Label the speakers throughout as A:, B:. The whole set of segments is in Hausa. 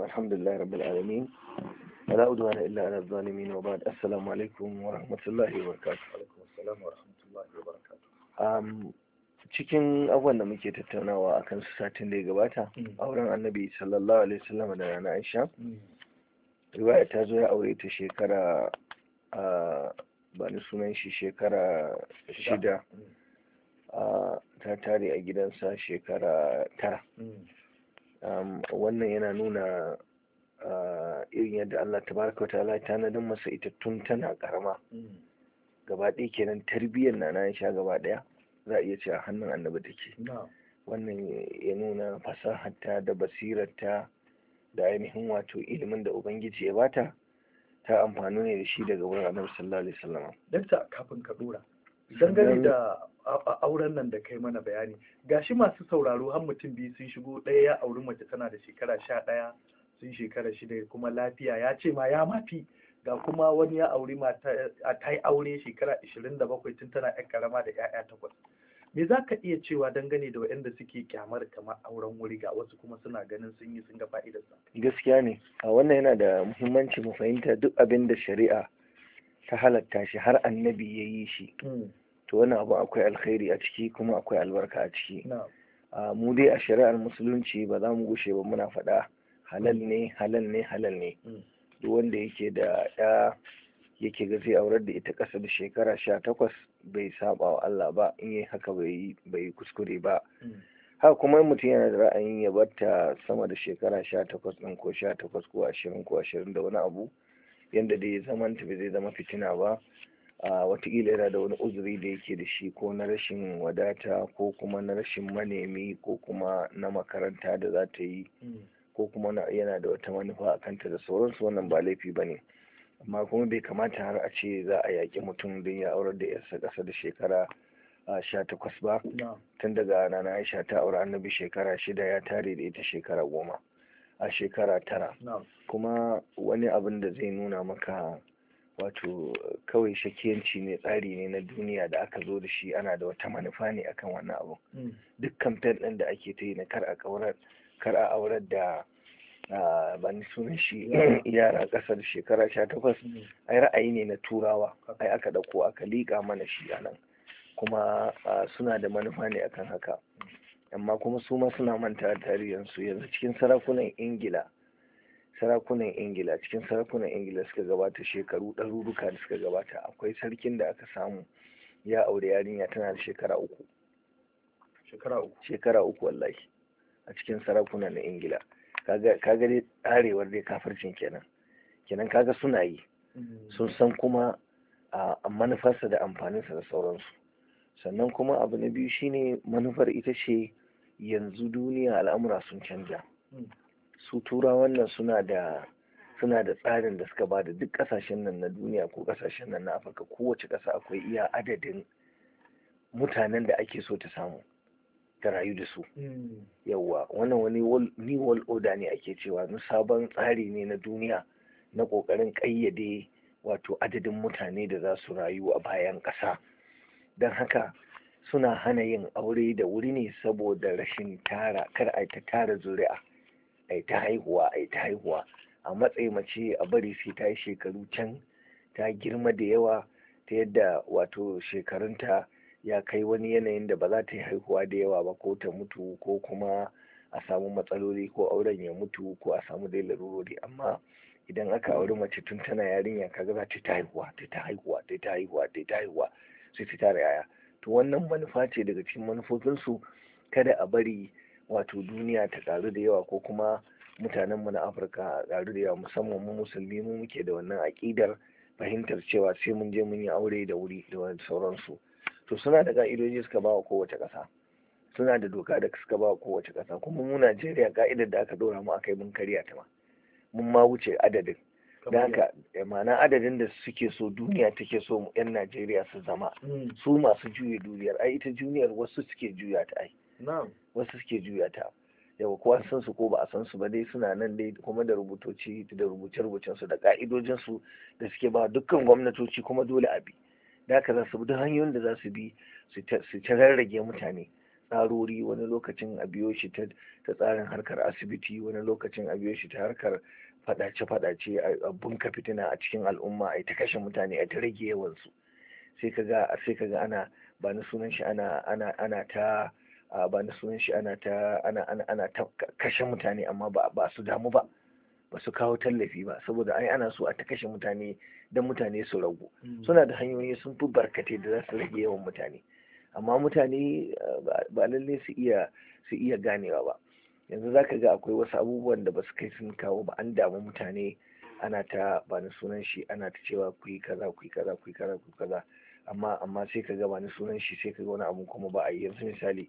A: الحمد لله رب العالمين ولا أدوان إلا على الظالمين وبعد السلام عليكم ورحمة الله وبركاته
B: عليكم السلام ورحمة الله وبركاته
A: um, cikin abubuwan da muke tattaunawa a kan su satin da ya gabata mm. auren annabi sallallahu alaihi wasallam da rana aisha mm. riwaya ta zo ya aure ta shekara ba ni sunan shi shekara shida mm. ta tare a gidansa shekara tara wannan yana nuna irin yadda Allah tabaraka ta'ala ta nadan masa ita tun tana karama mm. gaba ɗaya kenan tarbiyyar na nan sha gaba ɗaya za a iya cewa hannun annabi take wannan ya nuna fasaharta da basirarta da ainihin wato ilimin da ubangiji ya bata ta amfani ne da shi daga wurin annabi sallallahu alaihi wasallam dakta kafin ka dora
B: dangane da
A: auren nan da kai mana bayani
B: gashi masu sauraro har mutum biyu sun shigo ɗaya ya auri mace tana da shekara sha ɗaya sun shekara shida kuma lafiya ya ce ma ya mafi ga kuma wani ya auri mata ta yi aure shekara ashirin da bakwai tun tana yan karama da ya'ya takwas me za ka iya cewa dangane da waɗanda suke kyamar kamar auren wuri ga wasu kuma suna ganin sun yi sun ga fa'idarsa
A: gaskiya ne a wannan yana da muhimmanci mu fahimta duk abin da shari'a ta halatta shi har annabi ya yi shi hmm. to wani abu akwai alkhairi a ciki kuma akwai albarka a ciki mu dai a shari'ar musulunci ba za mu gushe ba muna faɗa halal ne halal ne halal ne mm. duk wanda yake da ya yake ga zai aurar da ita ƙasa da shekara sha takwas bai saba wa Allah ba in yi haka bai bai kuskure ba mm. ha kuma mutum yana da ra'ayin ya barta sama da shekara sha takwas ɗin ko sha takwas ko ashirin ko ashirin da wani abu yadda dai zamanta bai zai zama fitina ba watakila yana da wani uzuri da yake da shi ko na rashin wadata ko kuma na rashin manemi ko kuma na makaranta da za ta yi hmm. ko kuma yana da wata manufa a kanta da sauransu wannan ba laifi ba ne amma kuma bai kamata har a ce za a yaƙi mutum don ya aurar da yarsa ƙasa da shekara sha takwas ba tun daga nana aisha ta aure annabi shekara shida ya tare da ita shekara goma a shekara tara kuma wani abin da zai nuna maka wato kawai shakiyanci ne tsari ne na duniya da aka zo da shi ana da wata manufa ne akan wannan abu mm. duk kamfen ɗin da ake ta yi na kar a ƙaurar kar a aurar da ban sunan shi yara ƙasar shekara sha takwas mm. ai ra'ayi ne na turawa ai aka ɗauko aka liƙa mana shi a nan kuma suna da manufa ne akan haka mm. amma kuma su ma suna manta tarihinsu yanzu cikin sarakunan ingila sarakunan ingila cikin sarakunan ingila suka gabata shekaru ɗaruruka da suka gabata akwai sarkin da aka samu ya aure yarinya tana da shekara uku shekara uku shekara uku wallahi a cikin sarakunan na ingila kaga dai arewar dai kafircin kenan kenan kaga suna yi hmm. sun san kuma a manufarsa da amfaninsa da sauransu sannan kuma abu na biyu shine manufar ita ce yanzu duniya al'amura sun canja hmm. su turawan nan suna da suna da tsarin da suka bada duk kasashen nan na duniya ko kasashen nan na afirka kowace ƙasa akwai iya adadin mutanen da ake so ta samu ta rayu da su hmm. yawwa wannan wani new world order ne ake cewa na sabon tsari ne na duniya na ƙoƙarin ƙayyade wato adadin mutane da za su rayu a bayan ƙasa don haka suna hana yin aure da wuri ne saboda rashin tara kar a ta tara zuri'a Aita ta haihuwa aita ta haihuwa a matsayi mace a bari sai ta yi shekaru can ta girma da yawa ta yadda wato shekarunta ya kai wani yanayin da ba za ta yi haihuwa da yawa ba ko ta mutu ko kuma a samu matsaloli ko auren ya mutu ko a samu dai larurori amma idan aka auri mace tun tana yarinya kaga za ta ta haihuwa ta ta haihuwa ta ta haihuwa ta ta haihuwa sai ta tara yaya to wannan manufa ce daga cikin manufofinsu kada a bari wato duniya ta ƙaru da yawa ko kuma mutanenmu na afirka ƙaru da yawa musamman mu musulmi mu muke da wannan aƙidar fahimtar cewa sai mun je mun yi aure da wuri da sauransu to suna da ka'idoji suka ba wa kowace ƙasa suna da doka da suka ba wa kowace ƙasa kuma mu najeriya ka'idar da aka dora mu akai mun karya ta ma mun ma wuce adadin da haka eh, ma'ana adadin da suke so duniya take so yan najeriya su zama mm. su masu juya duniyar ai ita juniyar wasu suke juya ta ai wasu suke juya ta yawa kowa san su ko ba a san su ba dai suna nan dai kuma da rubutoci da rubuce-rubucen su da ka'idojin su da suke ba dukkan gwamnatoci kuma dole a bi da haka za su bi duk hanyoyin da za su bi su ta rarrage mutane tsarori wani lokacin a biyo shi ta tsarin harkar asibiti wani lokacin a biyo shi ta harkar fadace-fadace a bunka fitina a cikin al'umma a ta kashe mutane a ta rage yawansu sai ka ka ga ana ba na sunan shi ana ta ba na sunan shi ana ta ana ana ana ta kashe mutane amma ba ba su damu ba ba su kawo tallafi ba saboda ai ana so a ta kashe mutane don mutane su ragu hmm. suna da hanyoyi sun fi barkate da za su rage yawan mutane amma mutane eh, ba lalle su iya su iya ganewa ba yanzu zaka ga akwai wasu abubuwan da ba su kai sun kawo ba an damu mutane ana ta ba na sunan shi ana ta cewa ku yi kaza ku yi kaza ku yi kaza ku kaza amma amma sai ka ga ba na sunan shi sai ka ga wani abu kuma ba a yi yanzu misali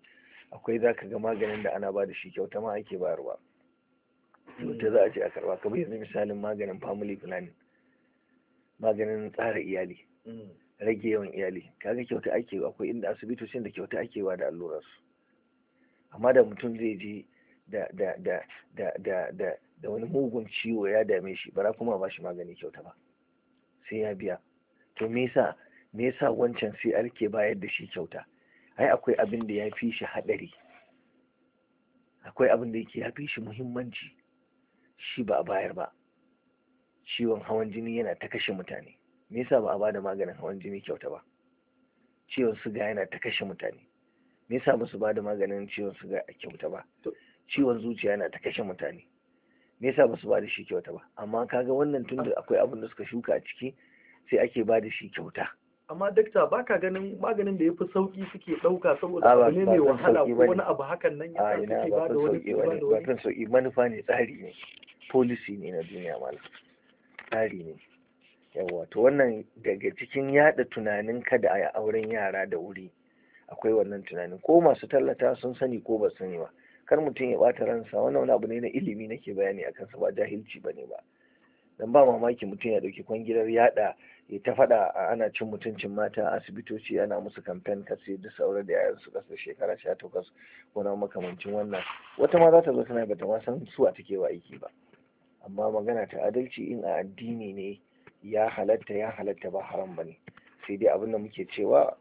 A: akwai za ka ga maganin da ana ba da shi kyauta ma ake bayarwa Yauta za a ce a karba ka bayyana misalin maganin family planning maganin tsara iyali rage yawan iyali kaga kyauta ake akwai inda asibitocin da kyauta ake wa da allurarsu amma da mutum zai je da wani mugun ciwo ya dame shi bara kuma ba shi magani kyauta ba sai ya biya to me yasa me yasa wancan sai ke bayar da shi kyauta ai akwai abin da ya fi shi haɗari akwai abin da yake ya fi shi muhimmanci shi ba a bayar ba ciwon hawan jini yana ta kashe mutane me ba a bada maganin hawan jini kyauta ba ciwon suga yana ta kashe mutane me ba su bada maganin ciwon suga a kyauta ba ciwon zuciya yana ta kashe mutane me yasa ba su bada shi kyauta ba amma kaga wannan tunda akwai abin da suka shuka a ciki sai ake bada shi kyauta
B: amma dakta ba ka ganin maganin da ya fi sauƙi suke ɗauka saboda abu ne mai wahala ko wani abu hakan nan ya suke ba da wani ba da
A: sauƙi manufa ne tsari ne policy ne na duniya mala tsari ne yawa to wannan daga cikin yaɗa tunanin kada a auren yara da wuri akwai wannan tunanin ko masu tallata sun sani ko ba sani ba kar mutum ya ɓata ransa wannan wani abu ne na ilimi nake bayani a kansa ba jahilci ba ne ba dan ba mamaki mutum ya ɗauki kwangilar yaɗa ta faɗa ana cin mutuncin mata a asibitoci ana musu kamfen kasi da saura da yayan su kasar shekara sha takwas ko makamancin wannan wata ma za ta zo tana bata ma san su a take wa aiki ba amma magana ta adalci in a addini ne ya halatta ya halatta ba haram ba ne sai dai abin da muke cewa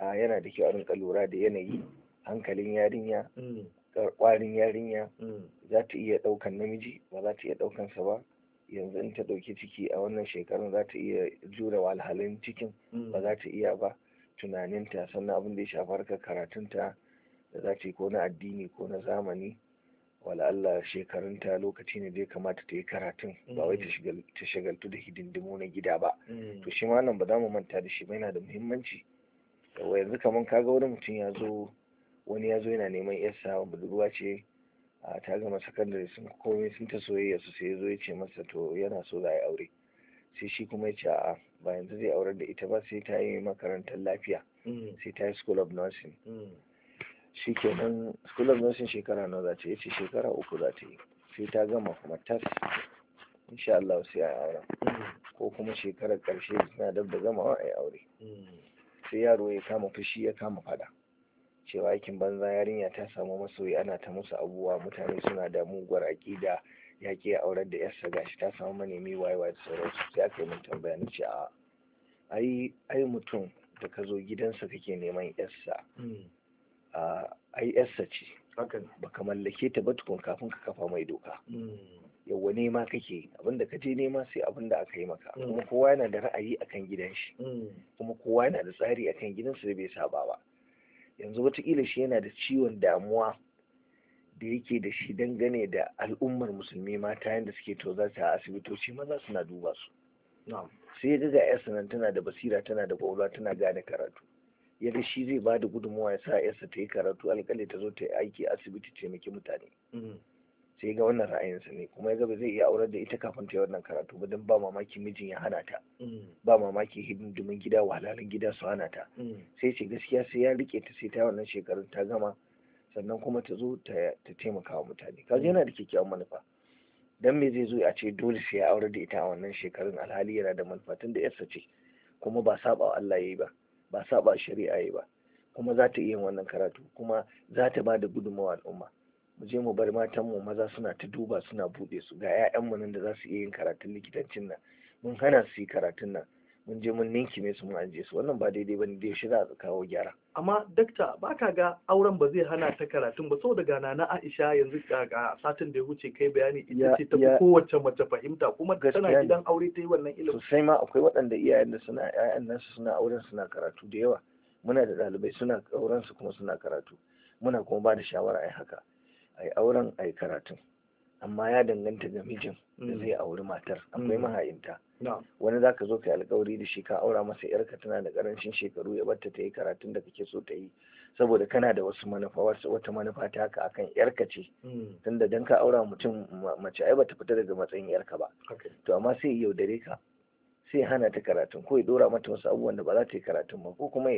A: yana da kyau a rinka lura da yanayi hankalin yarinya kwarin mm. yarinya mm. za ta iya ɗaukan namiji ba za ta iya sa ba yanzu in ta ɗauki ciki a wannan shekarun za ta iya jure walhalin cikin hmm. ba za ta iya ba tunaninta sannan abin da ya shafar ka karatunta da za ta yi ko na addini ko na zamani wala shekarunta lokaci ne da kamata ta yi karatun ba wai ta hmm. shagaltu da hidindimu na gida ba hmm. to shi ma nan ba za mu manta da shi ba yana da muhimmanci yanzu kamar kaga wani mutum ya zo wani ya zo yana neman yarsa budurwa ce ta gama sakandare sun komai sun ta soyayya su sai zo ya ce masa to yana so za a aure sai shi kuma ya ce a ba yanzu zai aure da ita ba sai ta yi makarantar lafiya mm. sai ta yi school of nursing mm. shi kenan school of nursing shekara nawa za ta yi shekara uku za yi sai ta gama kuma tas insha Allah sai a aure mm. ko kuma shekarar karshe suna dab da gamawa a aure sai yaro ya kama fushi ya kama fada cewa aikin banza yarinya ta samu masoyi ana ta musu abubuwa mutane suna da muguwar aƙida ya ke aurar da yarsa gashi ta samu manemi wayewa da sauransu sai aka yi min tambaya na ce a ai ai mutum da ka zo gidansa kake neman yarsa hmm. ai yarsa ce baka mallake ta ba tukun kafin ka kafa mai doka hmm. yawwa nema kake abinda ka je nema sai abin da aka yi maka hmm. kuma kowa yana da ra'ayi akan gidan shi kuma kowa yana da tsari akan gidansa da bai saba ba yanzu wataƙila shi yana da ciwon damuwa da yake da shi dangane da al'ummar musulmi mata yadda suke tozarta a asibitoci maza suna duba su sai ya ga yarsa nan tana da basira tana da ƙwaƙwalwa tana gane karatu ya shi zai ba da gudunmawa ya sa yarsa ta yi karatu alƙalai ta zo ta yi aiki asibiti taimaki mutane mm. sai ga wannan ra'ayinsa ne kuma ya ba zai iya aurar da ita kafin ta yi wannan karatu ba don ba mamaki mijin ya hana ta mm. ba mamaki hidindimin gida wahalalin gida su hana ta mm. sai ce gaskiya sai ya rike ta sai ta wannan shekarun ta gama sannan kuma ta zo ta taimaka wa mutane kaji mm. yana da kyakkyawan manufa dan me zai zo a ce dole sai ya aurar da ita a wannan shekarun alhali yana da manufa tun da yarsa ce kuma ba saba wa Allah yayi ba ba saba shari'a yayi ba kuma za ta iya wannan karatu kuma za ta ba da gudunmawa al'umma mu je mu bar matan mu maza suna ta duba suna buɗe su ga 'ya'yan mu nan da za su iya yin karatun likitancin nan mun hana su yi karatun nan mun je mun ninki ne su mun anje su wannan ba daidai bane da shi za a kawo gyara amma dakta ba ka ga auren ba zai hana
B: ta karatun ba saboda ga na Aisha yanzu ga satin da ya wuce kai bayani ita ce ta kowace mace fahimta kuma tana gidan aure ta yi wannan
A: ilimi sosai ma akwai waɗanda iyayen da suna ƴaƴan nasu suna auren suna karatu da yawa muna da ɗalibai suna auren su kuma suna karatu muna kuma ba da shawara ai haka a auren a yi karatun amma ya danganta ga mijin da mm. zai auri matar akwai mm. mahayinta wani za ka zo ka yi alkawari da shi ka aura masa yarka tana da karancin shekaru ya barta ta yi karatun da kake so ta yi saboda kana da wasu manufa wata manufa ta haka akan yarka ce mm. tunda dan ka aura mutum mace ai bata fita daga matsayin yarka ba to amma sai ya yaudare ka sai ya hana ta karatun ko ya dora mata wasu abubuwan da ba za ta yi karatun ba ko kuma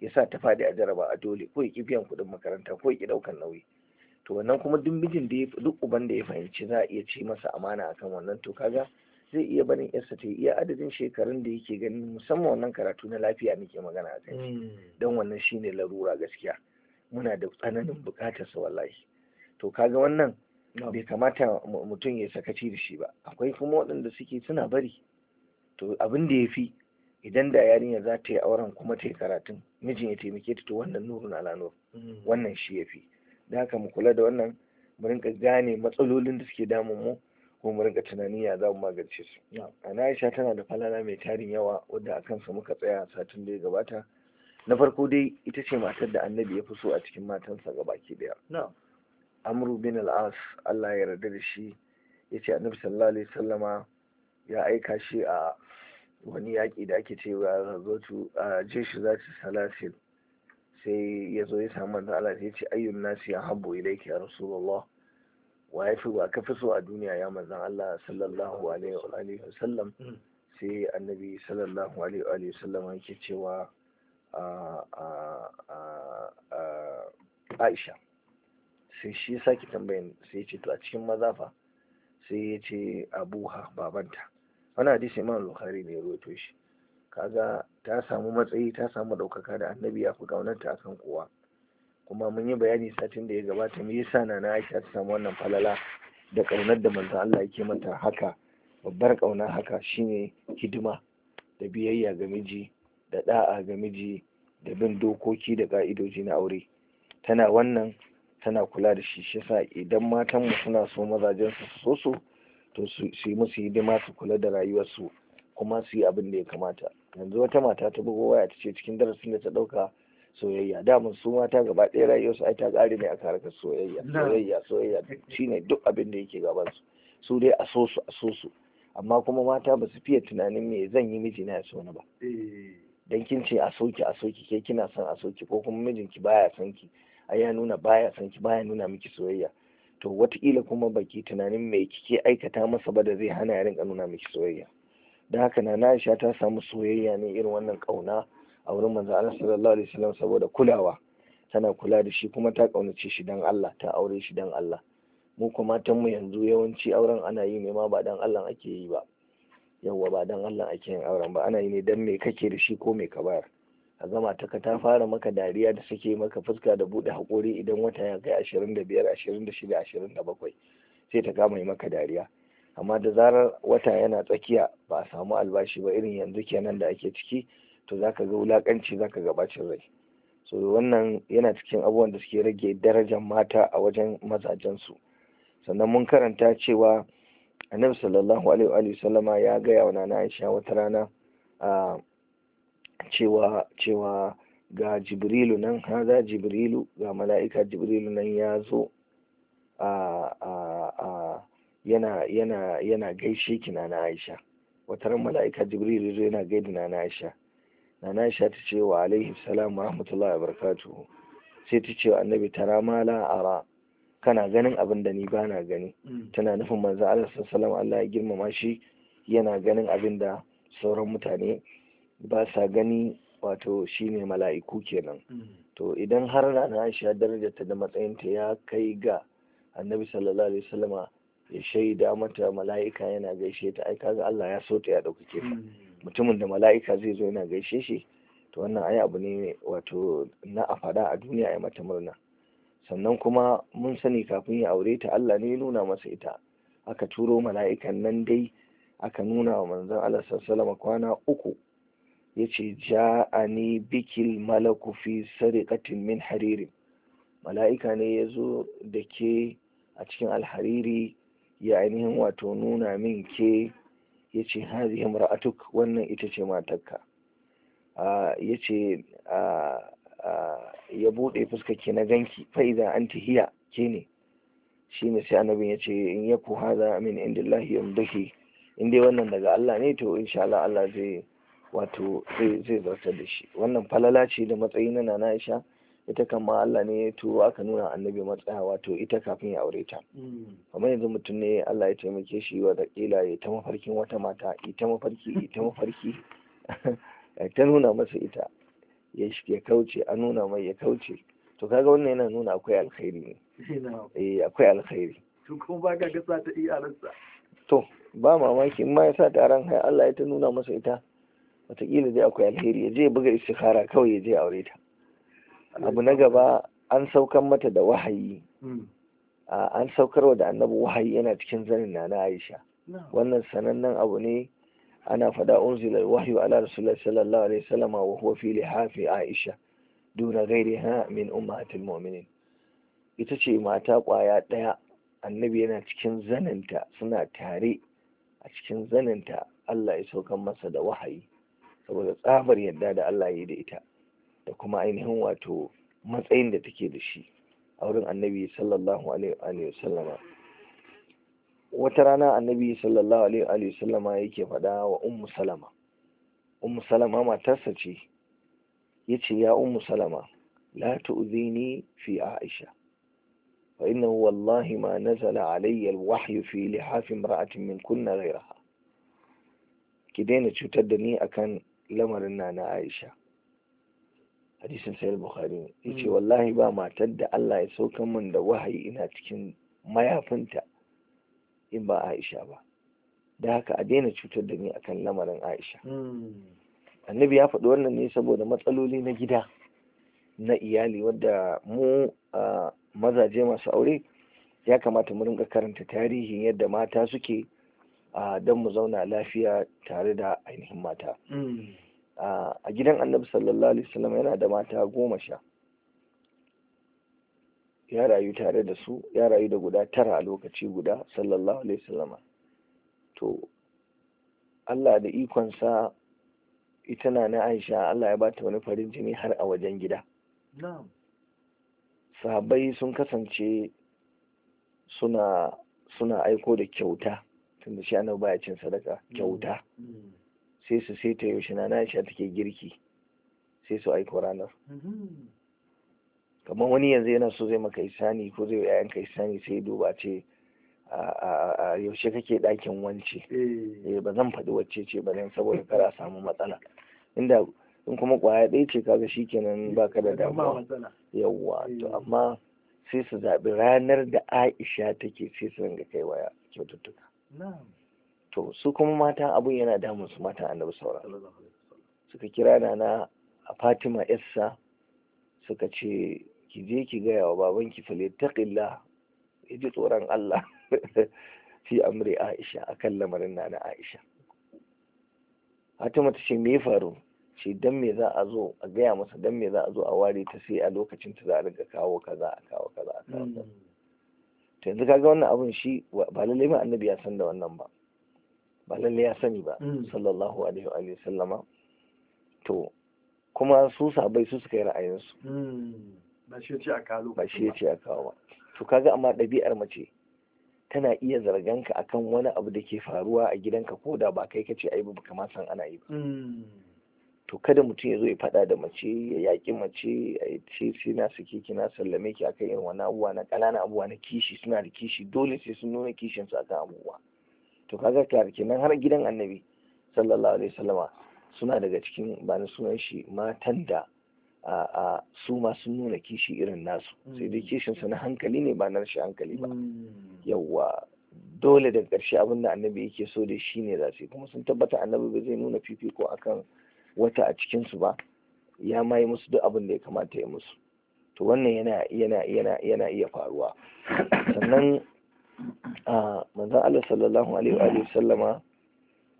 A: ya sa ta fadi a jaraba a dole ko ya ki biyan kuɗin makaranta ko ya ki ɗaukan nauyi to wannan kuma duk mijin da duk uban da ya fahimci za a iya ci masa amana akan wannan to kaga zai iya barin yarsa ta iya adadin shekarun da yake ganin musamman wannan karatu na lafiya nake magana a kan shi hmm. don wannan shine larura gaskiya muna da tsananin bukatar sa wallahi to kaga wannan bai kamata mutum ya sakaci da shi ba akwai kuma waɗanda suke suna bari to abin da ya fi idan da yarinya za ta yi auren kuma ta yi karatun mijin ya taimake ta to wannan nuru na lanur. Hmm. wannan shi ya fi da haka mu kula da wannan mu rinka gane matsalolin da suke damun mu ko mu rinka tunanin ya za mu magance su ana aisha tana da falala mai tarin yawa wadda a kansa muka tsaya satin da ya gabata na farko dai ita ce matar da annabi ya fi so a cikin matansa baki daya amru bin al'as Allah ya yarda da shi ya ce annabi sallallahu alaihi sallama ya aika shi a wani yaƙi da ake cewa zatu a jeshi zati salasil sai ya zo ya samu manzon Allah sai ya ce ayyun nasi ya habbu ilayki ya rasulullah wa ya fi wa kafi fi so a duniya ya manzon Allah sallallahu alaihi wa alihi sallam mm. sai annabi sallallahu alaihi wa alihi sallam yake cewa Aisha sai shi saki tambayin sai ya ce to a cikin maza fa sai ya ce abuha babanta wani hadisi imam bukhari ne ya rawaito shi kaga ta samu matsayi ta samu ɗaukaka da annabi ya fi a akan kowa kuma mun yi bayani satin da ya gabata me yasa nana na Aisha ta samu wannan falala da ƙaunar da manzon Allah yake mata haka babbar ƙauna haka shine hidima da biyayya ga miji da da'a ga miji da bin dokoki da ƙa'idoji na aure tana wannan tana kula da shi shi yasa idan mu suna so mazajen su so su to su yi musu hidima su kula da rayuwarsu kuma su yi abin da ya kamata yanzu wata mata ta bugo waya ta ce cikin darasin da ta dauka soyayya dama su mata gaba ɗaya rayuwarsu ai ta ƙare ne a harkar soyayya soyayya soyayya shine duk abin da yake gaban su su dai a so su a so su amma kuma mata ba su fiye tunanin me zan yi miji na ya so ni ba eh. dan kin ce a soki a soki ke kina son a soki ko kuma mijinki baya son ki ai ya nuna baya son ki baya nuna miki soyayya to wataƙila kuma baki tunanin me kike aikata masa ba da zai hana ya rinka nuna miki soyayya da haka na Aisha ta samu soyayya ne irin wannan kauna a wurin manzo Allah sallallahu alaihi wasallam saboda kulawa tana kula da shi kuma ta kaunace shi dan Allah ta aure shi dan Allah mu kuma matan mu yanzu yawanci auren ana yi ne ma ba dan Allah ake yi ba yawwa ba dan Allah ake yin auren ba ana yi ne dan me kake da shi ko me ka bayar a zama ta ka ta fara maka dariya da suke maka fuska da buɗe haƙori idan wata ya kai ashirin da biyar sai ta kama yi maka dariya amma da zarar wata yana tsakiya ba a samu albashi ba irin yanzu kenan da ake ciki to zaka ga wulakanci zaka ga bacin rai so wannan yana cikin abubuwan da suke rage darajar mata a wajen mazajen su sannan mun karanta cewa annabi sallallahu alaihi wa sallama ya gaya wa na aisha wata rana cewa cewa ga jibrilu nan haza jibrilu ga mala'ika jibrilu nan ya zo a yana yana yana gaishe ki na Aisha wata ran mm. mala'ika Jibril yazo yana gaida na Aisha na Aisha ta ce wa alaihi salam wa rahmatullahi wa barakatuhu sai ta ce annabi tara mala ara kana ganin abin da ni bana gani mm. tana nufin manzo Allah sallallahu Allah ya girmama shi yana ganin abin da sauran mutane ba sa gani wato shine mala'iku kenan mm. to idan har na Aisha darajarta da matsayinta ya kai ga annabi sallallahu alaihi wasallama ya shaida mata mala'ika yana gaishe ta ai kaga Allah ya so ta ya ɗaukake fa hmm. mutumin da mala'ika zai zo yana gaishe shi to wannan ai abu ne wato na a a duniya ya mata murna sannan kuma mun sani kafin ya aure ta Allah ne ya nuna masa ita aka turo mala'ikan nan dai aka nuna wa manzon Allah sallallahu kwana uku yace ja'ani bikil malaku fi sariqatin min hariri mala'ika ne yazo zo da ke a cikin alhariri ya ainihin wato nuna min ke ya ce hazihi mar'atuk wannan ita ce matarka ya ce ya buɗe fuskake na ganki fa'iza an tahiya ke ne shi ne sai annabin ya ce in ya ku haza min indillahi yamdahi in dai wannan daga Allah ne to insha Allah Allah zai wato zai zartar da shi wannan falala ce da matsayi na Nana Aisha ita kan ma Allah ne to aka nuna annabi matsaya wato ita kafin ya aure ta kamar yanzu mutum ne Allah ya taimake shi wa da kila ya ta mafarkin wata mata ita mafarki ita mafarki ta nuna masa ita ya ya kauce a nuna mai ya kauce to kaga wannan yana nuna akwai alkhairi ne eh akwai alkhairi
B: to kuma ba ga gasa ta iyalansa
A: to ba mamaki in ma ya sa taron haya Allah ya ta nuna masa ita wataƙila dai akwai alheri ya je buga istikhara kawai ya je aure ta abu na gaba an saukar mata da wahayi hmm. an saukarwa da annabi wahayi yana cikin zanin na na aisha wannan sanannen abu ne ana fada unzila wahyu ala rasulullahi sallallahu alaihi wasallam wa huwa fi lihafi aisha duna ha min ummatil mu'minin ita ce mata kwaya daya annabi yana cikin zaninta suna tare a cikin zaninta Allah ya saukan masa da wahayi saboda tsabar yadda da Allah ya yi da ita da kuma ainihin wato matsayin da take da shi a wurin annabi sallallahu alaihi wata rana annabi sallallahu alaihi yake faɗa wa ummu salama ummu salama matarsa ce ya ce ya ummu salama la tu'zini fi aisha fa innahu wallahi ma nazala alayya alwahyu fi lihaf imra'atin min kunna ghayraha ki daina cutar da ni akan lamarin na aisha hadisin sayar bukhari ya ce hmm. wallahi ba matar da allah ya sauka min da wahayi ina cikin mayafinta in ba aisha ba da haka a daina cutar da ni akan lamarin aisha hmm. annabi ya faɗi wannan ne saboda matsaloli na gida na iyali wadda mu mazaje masu aure ya kamata mu rinka karanta tarihin yadda mata suke don mu zauna lafiya tare da ainihin mata. Hmm. a gidan annabi sallallahu alaihi wasallam yana da mata goma sha ya rayu tare da su ya rayu da guda tara a lokaci guda sallallahu alaihi wasallam to Allah da ikonsa ita na na Aisha Allah ya bata wani farin jini har a wajen gida sahabbai sun kasance suna suna aiko da kyauta tunda shi annabi baya cin sadaka kyauta mm, mm. sai su ta yaushe na Aisha take girki sai su aiko ranar kamar wani yanzu yana so zai maka isani ko zai yayan ka isani sai duba ce a yaushe kake dakin wance eh. Eh, ba zan faɗi wacce ce ba zan saboda kar a samu matsala inda in kuma kwaya ɗaya ce kaga shikenan baka da damuwa yawwa eh. to amma sai su zaɓi ranar da Aisha take sai su ringa kai waya kyaututtuka to su kuma mata abun yana damun su mata annabi saura. suka kira na a Fatima Issa suka ce ki je ki gaya wa babanki falyattaqillah ya ji tsoron Allah fi amri Aisha a kan lamarin nana Aisha Fatima ta ce me faru ce dan me za a zo a gaya masa dan me za a zo a ware ta sai a lokacin ta za a riga kawo kaza a kawo kaza a kawo kaza hmm. yanzu kaga wannan abun shi ba lallai ma annabi ya san da wannan ba ba lalle ya sani ba mm. sallallahu alaihi wa sallama to kuma su sabai su suka yi ra'ayinsu mm. ba shi ce a kawo ba shi ce a kawo to kaga amma ɗabi'ar mace tana iya zargan ka akan wani abu da ke faruwa a gidanka ko da ba kai ka ce ai ba kama san ana yi
B: ba mm.
A: to kada mutum ya zo ya faɗa da mace ya yaƙi mace a ce sai na suke ki na sallame ki akan irin wani abubuwa na ƙananan abubuwa na kishi suna da kishi dole sai sun nuna kishin su akan abubuwa to kaga kenan har gidan annabi sallallahu alaihi wasallama suna daga cikin ba ni sunan shi matan da a su sun nuna kishi irin nasu sai dai mm. kishin su na hankali ne ba na shi hankali ba mm. yawwa dole da ƙarshe abin da annabi yake so da shi ne za kuma sun tabbata annabi ba zai nuna fifiko akan wata a cikinsu ba ya ma musu duk abin da ya kamata ya musu to wannan yana yana yana yana iya faruwa sannan manzon Allah sallallahu alaihi wa sallama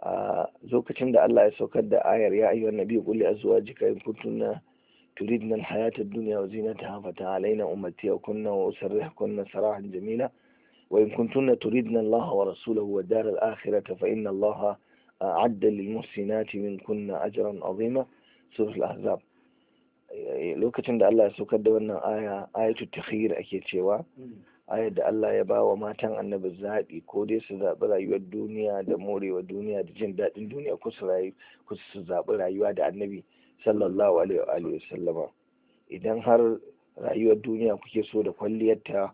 A: a lokacin da Allah ya saukar da ayar ya ayyuhan nabiyyu qul li azwajika in kuntunna turidna zina hayata ad-dunya wa zinataha fata'alaina ummatiyakunna wa usarrihkunna sarahan jamila wa in na turidna Allah wa rasulahu wa dar al-akhirata fa inna Allah a'adda lil muhsinati minkunna ajran 'azima surah ahzab lokacin da Allah ya saukar da wannan aya ayatu takhir ake cewa hmm. a yadda Allah ya ba wa matan annabi zaɓi ko dai su zaɓi rayuwar duniya da morewa duniya da jin daɗin duniya ko su zaɓi rayuwa da annabi sallallahu alaihi wa sallama idan har rayuwar duniya kuke so da kwalliyarta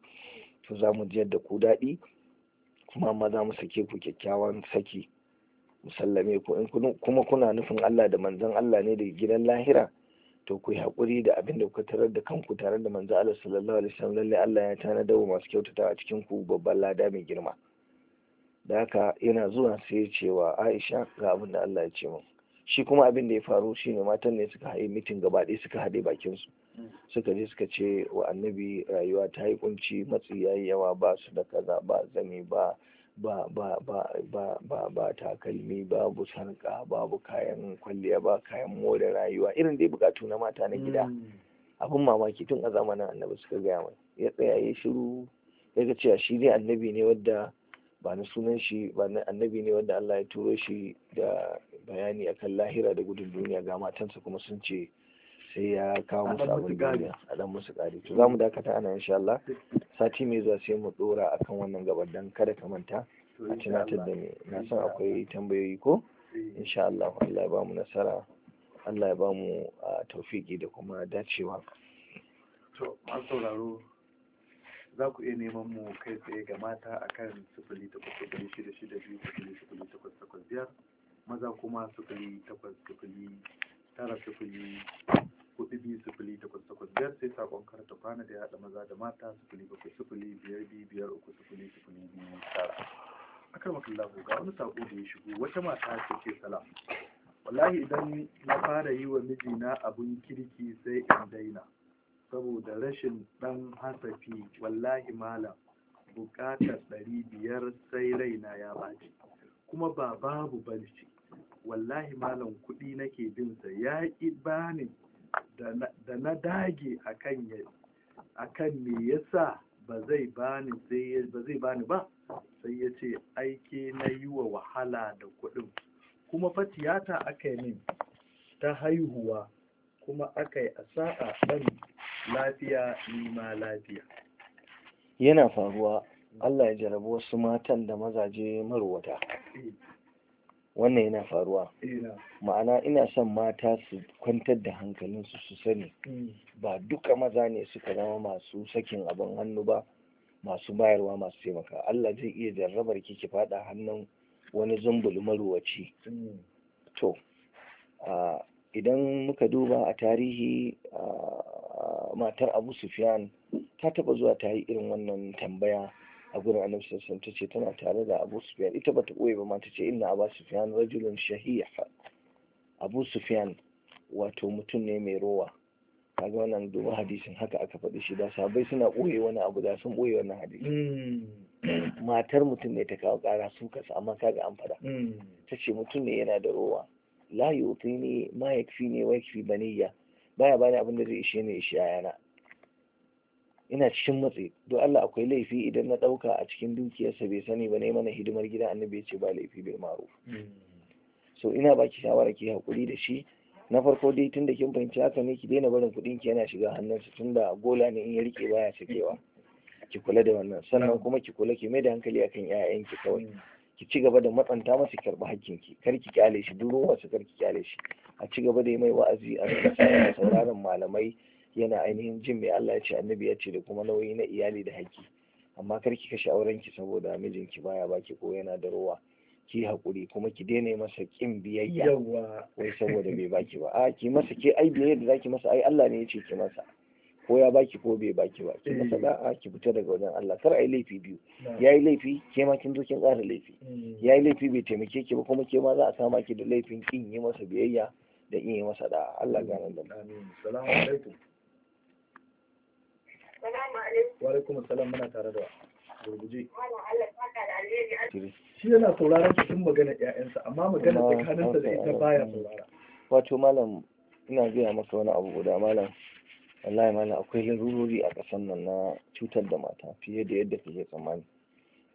A: to za mu jiyar da ku daɗi kuma ma za mu sake ku kyakkyawan saki musallame ku kuma kuna nufin Allah da manzon Allah ne da gidan lahira to ku haƙuri da abin da kuka tarar da kanku tare da manzo Allah sallallahu alaihi wasallam lalle Allah ya tanada wa masu kyautata a cikin ku babban lada mai girma da haka yana zuwa sai ya ce wa Aisha ga abin da Allah ya ce min shi kuma abin da ya faru shine matan ne suka haɗe mitin gaba ɗaya suka haɗe bakin su suka je suka ce wa annabi rayuwa ta yi kunci matsi yayi yawa ba su da kaza ba zami ba ba ba ba ba ba ba takalmi babu sarƙa babu kayan kwalliya ba kayan more rayuwa irin dai bukatu na mata na gida hmm. abin mamaki tun a zamanin annabi suka gaya mai ya tsaya ya shiru ya ga cewa shi dai annabi ne wadda ba na sunan shi ba na annabi ne wadda Allah ya turo shi da bayani akan lahira da gudun duniya ga matansa kuma sun ce sai ya kawo musu abin gari a dan musu gari to za mu dakata ana insha Allah sati mai zuwa sai mu dora akan wannan gabar dan kada ka manta
B: a tunatar da ni na san akwai
A: tambayoyi ko eh. insha Allah Allah ya ba mu nasara Allah ya ba mu ah, tawfiki da kuma dacewa
B: to an sauraro za ku iya neman mu kai tsaye ga mata akan sifili takwas sifili shida shida biyu sifili sifili takwas takwas biyar maza kuma sifili takwas sifili tara sifili hudu biyu sifili takwas takwas biyar sai sakon karta kwana da ya maza da mata sifili bakwai sifili biyar biyu biyar uku sifili sifili biyu tara akar makallahu ga wani sako da ya shigo wata mata ce ce salam wallahi idan na fara yi wa mijina abun kirki sai in daina saboda rashin ɗan hasafi wallahi malam buƙatar ɗari biyar sai raina ya ɓaci kuma ba babu ce wallahi malam kuɗi nake binsa ya ƙi bani da na dage akan me yasa sa bani ba zai bani ba sai ya ce aike na yi wa wahala da kudin kuma fa tiyata aka yi min ta haihuwa kuma aka yi a sa'a ɗan lafiya nima lafiya
A: yana faruwa Allah ya jarabi wasu matan da mazaje marwata eh. wannan yana faruwa ma'ana ina son mata su kwantar da hankalinsu su sani mm. ba duka maza ne suka zama masu sakin abin hannu ba masu bayarwa masu taimaka Allah zai iya jarrabar ki ki fada hannun wani zumbul maruwaci mm. to idan muka duba a tarihi matar Abu Sufyan ta taba zuwa ta yi irin wannan tambaya a gurin annabi sallallahu ta ce tana tare da abu sufyan ita bata koyi ba ma ta ce inna abu sufyan rajulun shahih abu sufyan wato mutum ne mai rowa kaga wannan duba hadisin haka aka faɗi shi da sabai suna ɓoye wani abu da sun ɓoye wannan hadisi
B: hmm.
A: matar mutum ne ta kawo ƙara su kasa amma kaga an faɗa hmm. ta mutum ne yana da rowa la yuti ne ma yakfi ne wa yakfi baniya baya bani abin da zai ishe ne ishe yana ina cikin matsi duk Allah akwai laifi idan na ɗauka a cikin dukiyarsa bai sani ba ne mana hidimar gida annabi ya ce ba laifi bil ma'ruf so ina baki shawara ki hakuri da shi na farko dai tunda da kin fahimci haka ne ki daina barin kuɗin ki yana shiga hannunsa tun da gola ne in ya rike baya sakewa ki kula da wannan sannan kuma ki kula ki mai da hankali akan ƴaƴan ki kawai ki ci gaba da matsanta masa karɓi hakkin ki kar ki kyale shi duro su kar ki kyale shi a ci gaba da yi mai wa'azi a sauraron malamai yana ainihin jin mai Allah ya ce annabi ya ce da kuma nauyi na iyali da haƙƙi amma kar ki kashe auren ki saboda mijinki baya baki ko yana da ruwa ki hakuri kuma ki daina masa ƙin biyayya
B: wai saboda bai
A: baki ba a ki masa ke ai biyayya da zaki masa ai Allah ne ya ce ki masa ko ya baki ko bai baki ba ki masa eh. da'a ki fita daga wajen Allah kar ai laifi biyu yayi laifi ke ma kin zo kin ƙara laifi eh. yayi laifi bai taimake ki ba kuma ke ma za a sama ki da laifin kin yi masa biyayya da in yi masa da Allah gane da mu
B: assalamu alaikum alaikum salam muna tare da gurguje.
A: Shi yana sauraron cikin magana ƴaƴansa amma magana tsakaninsa da ita baya saurara. Wato malam ina gaya maka wani abu guda malam wallahi malam akwai larurori a ƙasar nan na cutar da mata fiye da yadda kake tsammani.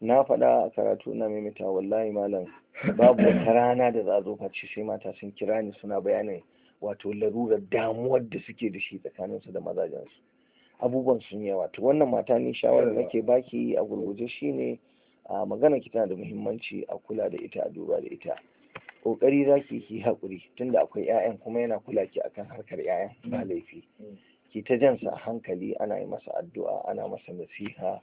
A: Na faɗa a karatu na maimaita wallahi malam babu wata rana da za a zo face sai mata sun kira ni suna bayanin wato larurar damuwar da suke da shi tsakaninsu da mazajensu. abubuwan sun yi yawa to wannan mata ni da nake baki a gurguje shine a magana ki tana da muhimmanci a kula da ita a duba da ita kokari zaki ki hakuri tunda akwai ƴaƴan kuma yana kula ki akan harkar ƴaƴan ba mm. laifi mm. ki ta jansa a hankali ana yi masa addu'a ana masa nasiha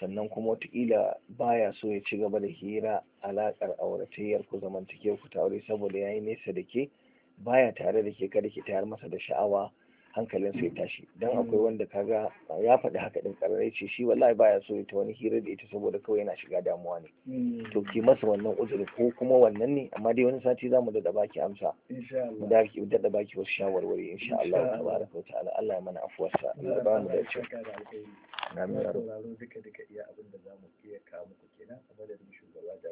A: sannan kuma wataƙila baya so ya ci gaba da hira alaƙar auratayyar ku zamantakewar ku ta aure saboda ya yi nesa da ke baya tare da ke kada ki tayar masa da sha'awa hankalinsa ya mm. tashi dan mm. akwai wanda kaga ya faɗi haka ɗin karare ce shi wallahi baya so ta wani hira da ita saboda kawai yana shiga damuwa ne mm. to ki masa wannan uzuri ko kuma wannan ne amma dai wani sati za zamu da baki amsa mu da ki da baki wasu shawarwari insha Allah tabaraka wa ta'ala Allah ya mana afuwarsa Allah ba mu da ci amin ya rabu
B: duka duka iya abin da zamu iya kawo muku kenan a madadin shugaba